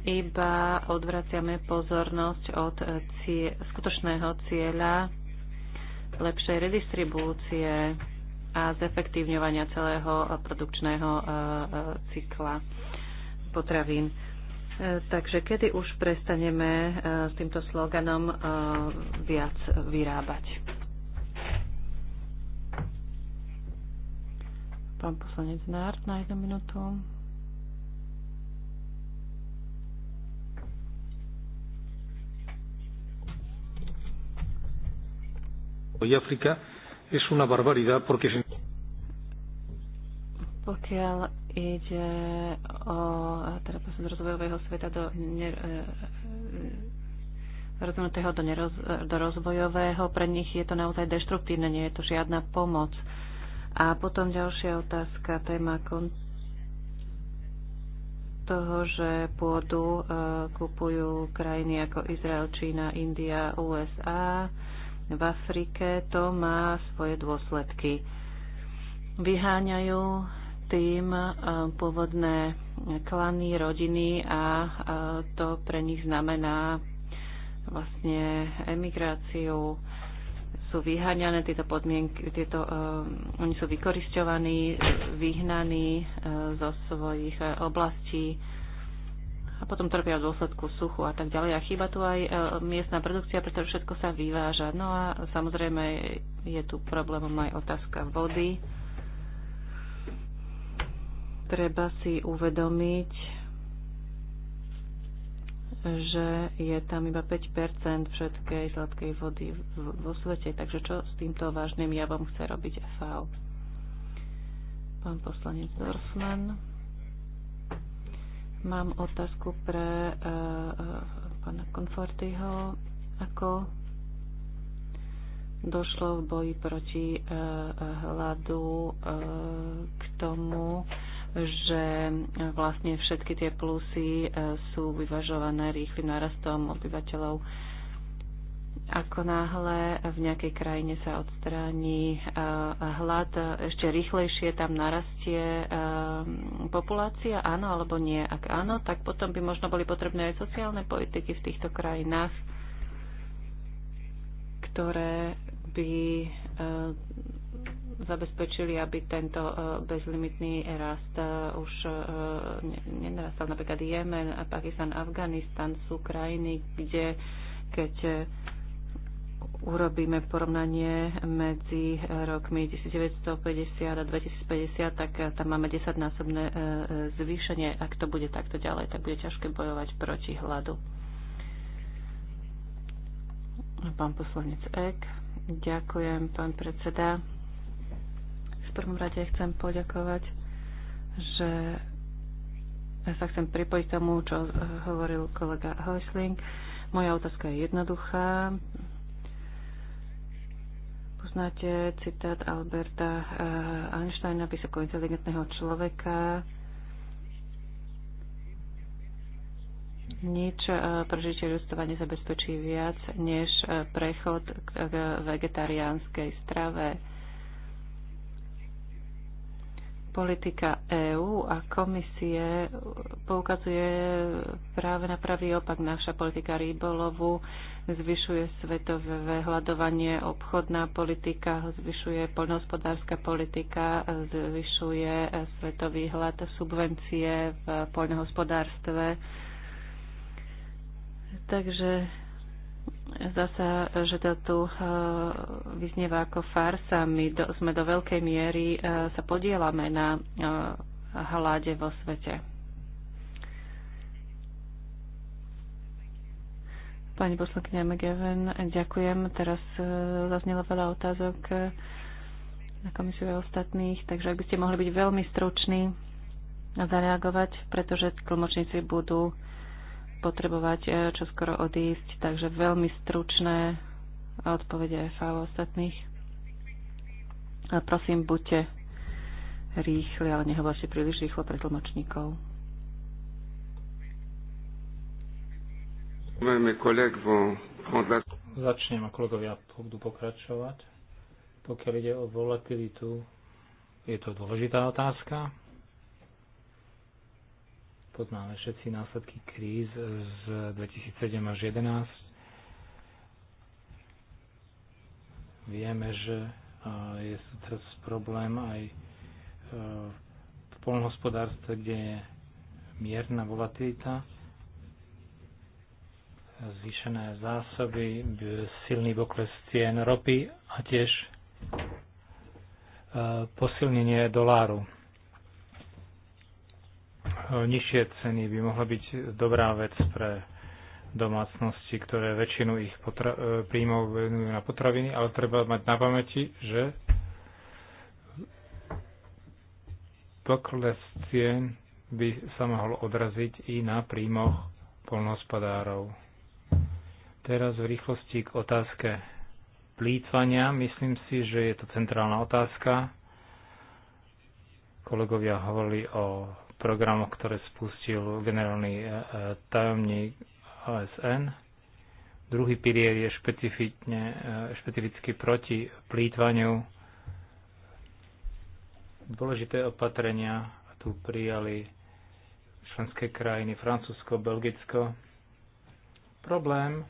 iba odvraciame pozornosť od cie- skutočného cieľa lepšej redistribúcie a zefektívňovania celého produkčného eh, eh, cykla potravín E, takže kedy už prestaneme e, s týmto sloganom e, viac vyrábať? Pán poslanec Nárt na jednu minútu. y África es una barbaridad porque pokiaľ Ide o teda z rozvojového sveta do ne, e, e, rozvinutého do, neroz, do rozvojového. Pre nich je to naozaj deštruktívne, nie je to žiadna pomoc. A potom ďalšia otázka, téma kon- toho, že pôdu e, kupujú krajiny ako Izrael, Čína, India, USA. V Afrike to má svoje dôsledky. Vyháňajú tým e, pôvodné klany, rodiny a e, to pre nich znamená vlastne emigráciu, sú vyháňané tieto podmienky, tieto, um, oni sú vykoristovaní, vyhnaní uh, zo svojich uh, oblastí a potom trpia v dôsledku suchu a tak ďalej. A chýba tu aj uh, miestna produkcia, pretože všetko sa vyváža. No a samozrejme je tu problémom aj otázka vody. Uh, treba si uvedomiť, že je tam iba 5 všetkej sladkej vody vo svete. Takže čo s týmto vážnym javom chce robiť FAO? Pán poslanec Dorfman. Mám otázku pre uh, pána Konfortyho. Ako došlo v boji proti eh, hladu k tomu, že vlastne všetky tie plusy eh, sú vyvažované rýchlym narastom obyvateľov. Ako náhle v nejakej krajine sa odstráni eh, hlad, ešte rýchlejšie tam narastie eh, populácia, áno alebo nie. Ak áno, tak potom by možno boli potrebné aj sociálne politiky v týchto krajinách, ktoré by zabezpečili, aby tento e, bezlimitný rast e, už e, nenarastal. Napríklad Jemen, Pakistan, Afganistan sú krajiny, kde keď urobíme porovnanie medzi rokmi 1950 a 2050, tak tam máme 10-násobné zvýšenie. Ak to bude takto ďalej, tak bude ťažké bojovať proti hladu. Pán poslanec Ek. Ďakujem, pán predseda prvom rade chcem poďakovať, že sa chcem pripojiť tomu, čo eh, hovoril kolega Hojsling. Moja otázka je jednoduchá. Poznáte citát Alberta eh, Einsteina, vysoko inteligentného človeka. Nič eh, prežitie ľudstva nezabezpečí viac, než prechod k vegetariánskej strave politika EÚ a komisie poukazuje práve na pravý opak. Naša politika rýbolovu zvyšuje svetové hľadovanie, obchodná politika zvyšuje poľnohospodárska politika, zvyšuje svetový hľad subvencie v poľnohospodárstve. Takže Zdá sa, že to tu eh, vyznieva ako farsa. My do, sme do veľkej miery eh, sa podielame na haláde eh, vo svete. Pani poslankyňa McGeven, ďakujem. Teraz zaznelo veľa otázok na komisiu a ostatných, takže ak by ste mohli byť veľmi struční a zareagovať, pretože tlmočníci budú potrebovať e, čoskoro odísť, takže veľmi stručné odpovede FAO ostatných. A prosím, buďte rýchli, ale nehovorte príliš rýchlo pre tlmočníkov. Začnem a kolegovia budú pokračovať. Pokiaľ ide o volatilitu, je to dôležitá otázka Poznáme všetci následky kríz z 2007 až 2011. Vieme, že e, je teraz problém aj e, v polnohospodárstve, kde je mierna volatilita, zvýšené zásoby, e, silný pokles cien ropy a tiež posilnenie doláru. Eh, nižšie ceny by mohla byť dobrá vec pre domácnosti, ktoré väčšinu ich potra- eh, príjmov venujú na potraviny, ale treba mať na pamäti, že pokles cien by sa mohol odraziť i na príjmoch polnohospodárov. Teraz v rýchlosti k otázke plýtvania. Myslím si, že je to centrálna otázka. Kolegovia hovorili o programoch, ktoré spustil generálny e, e, tajomník OSN. Druhý pilier je e, špecificky proti plýtvaniu. Dôležité opatrenia tu prijali členské krajiny Francúzsko, Belgicko. Problém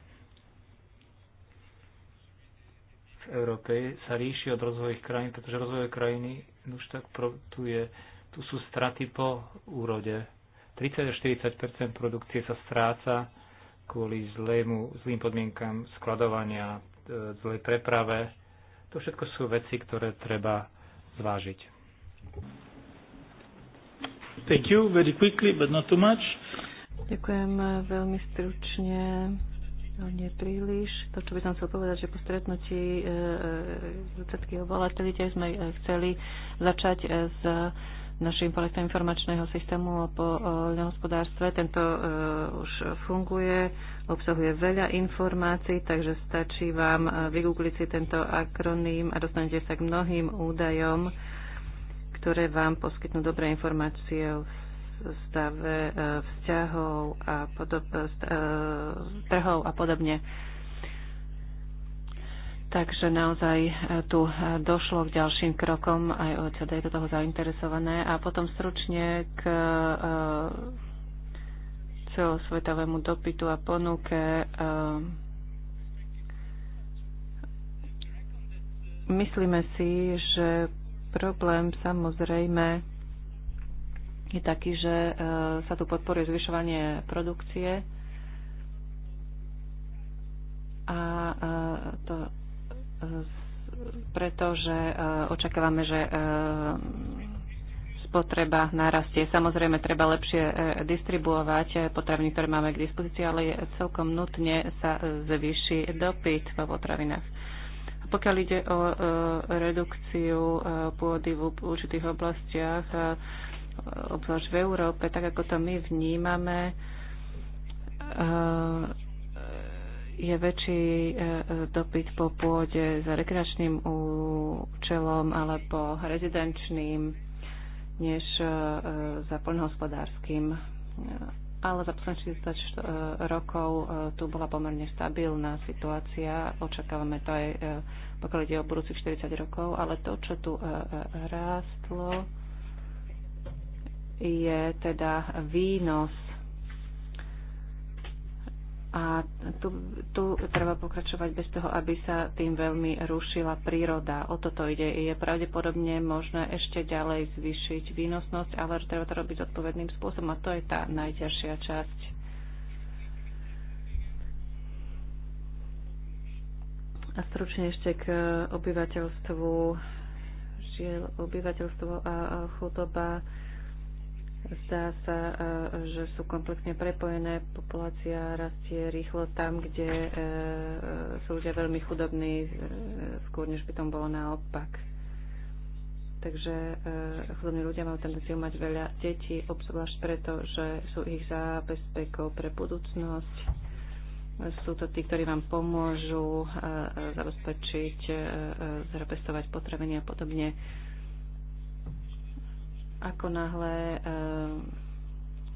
v Európe sa ríši od rozvojových krajín, pretože rozvojové krajiny už tak tu je tu sú straty po úrode. 30 40 produkcie sa stráca kvôli zlému, zlým podmienkam skladovania, e, zlej preprave. To všetko sú veci, ktoré treba zvážiť. Thank you very quickly, but not too much. Ďakujem e, veľmi stručne. No, nie príliš. To, čo by som chcel povedať, že po stretnutí e, ľudského e, volatilite sme chceli začať s našim projektom informačného systému o poľnohospodárstve. Tento e, už funguje, obsahuje veľa informácií, takže stačí vám e, vygoogliť si tento akroným a dostanete sa k mnohým údajom, ktoré vám poskytnú dobré informácie o stave e, vzťahov a podob, trhov a podobne. Takže naozaj e, tu e, došlo k ďalším krokom, aj OCD je do toho zainteresované. A potom stručne k e, celosvetovému dopytu a ponuke. Myslíme si, že problém samozrejme je taký, že sa tu podporuje zvyšovanie produkcie a to pretože e, očakávame, že e, spotreba narastie. Samozrejme, treba lepšie e, distribuovať potraviny, ktoré máme k dispozícii, ale je celkom nutne sa zvýši dopyt po potravinách. Pokiaľ ide o redukciu pôdy v určitých oblastiach, obzvlášť v Európe, tak ako to my vnímame, je väčší e, e, dopyt po pôde za rekreačným účelom alebo rezidenčným než e, za poľnohospodárským. Ale za posledných 40 rokov tu bola pomerne stabilná situácia. Očakávame to aj pokiaľ ide o budúcich 40 rokov, ale to, čo tu rástlo, je teda výnos a tu, tu treba pokračovať bez toho, aby sa tým veľmi rušila príroda. O toto ide. Je pravdepodobne možné ešte ďalej zvýšiť výnosnosť, ale treba to robiť odpovedným spôsobom a to je tá najťažšia časť. A stručne ešte k obyvateľstvu. žiel, obyvateľstvo a chudoba Zdá sa, e, že sú komplexne prepojené. Populácia rastie rýchlo tam, kde e, e, sú ľudia veľmi chudobní, skôr než by tom bolo naopak. Takže chudobní ľudia majú tendenciu mať veľa detí, obzvlášť preto, že sú ich zábezpekou pre budúcnosť. Sú to tí, ktorí vám pomôžu zabezpečiť, zrepestovať potraviny a podobne ako náhle eh,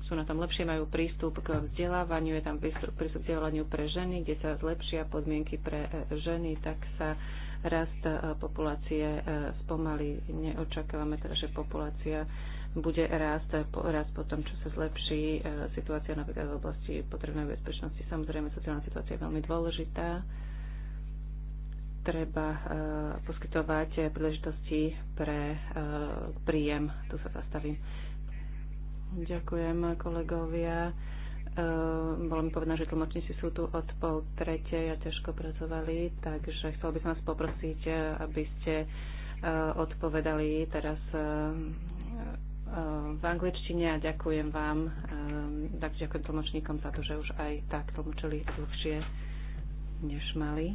sú na tom lepšie, majú prístup k vzdelávaniu, je tam prístup k vzdelávaniu pre ženy, kde sa zlepšia podmienky pre eh, ženy, tak sa rast eh, populácie spomalí. Neočakávame teda, že populácia bude rast, rast po tom, čo sa zlepší situácia napríklad v oblasti potrebnej bezpečnosti. Samozrejme, sociálna situácia je veľmi dôležitá treba e, poskytovať príležitosti pre e, príjem. Tu sa zastavím. Ďakujem kolegovia. E, bolo mi povedané, že tlmočníci sú tu od pol tretej a ťažko pracovali, takže chcel by som vás poprosiť, aby ste odpovedali teraz v angličtine a ďakujem vám, tak ďakujem tlmočníkom za to, že už aj tak tlmočili dlhšie, než mali.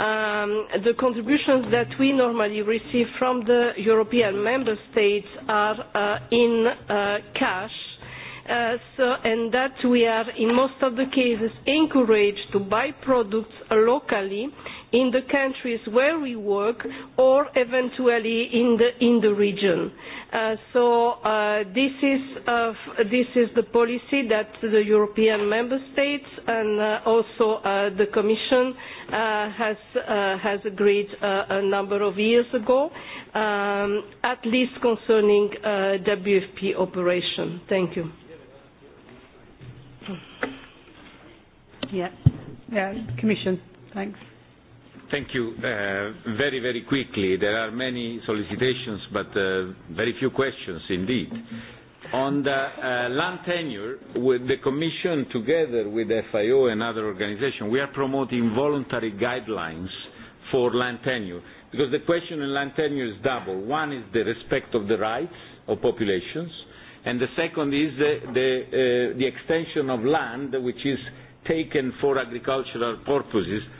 um, the contributions that we normally receive from the European member states are uh, in uh, cash. Uh, so, and that we are in most of the cases encouraged to buy products locally in the countries where we work or eventually in the, in the region. Uh, Uh, so uh, this is uh, this is the policy that the European member states and uh, also uh, the Commission uh, has uh, has agreed uh, a number of years ago, um, at least concerning uh, WFP operation. Thank you. Yeah, yeah, Commission. Thanks. Thank you. Uh, very, very quickly, there are many solicitations, but uh, very few questions indeed. On the uh, land tenure, with the Commission together with FIO and other organization, we are promoting voluntary guidelines for land tenure. Because the question in land tenure is double. One is the respect of the rights of populations, and the second is the, the, uh, the extension of land which is taken for agricultural purposes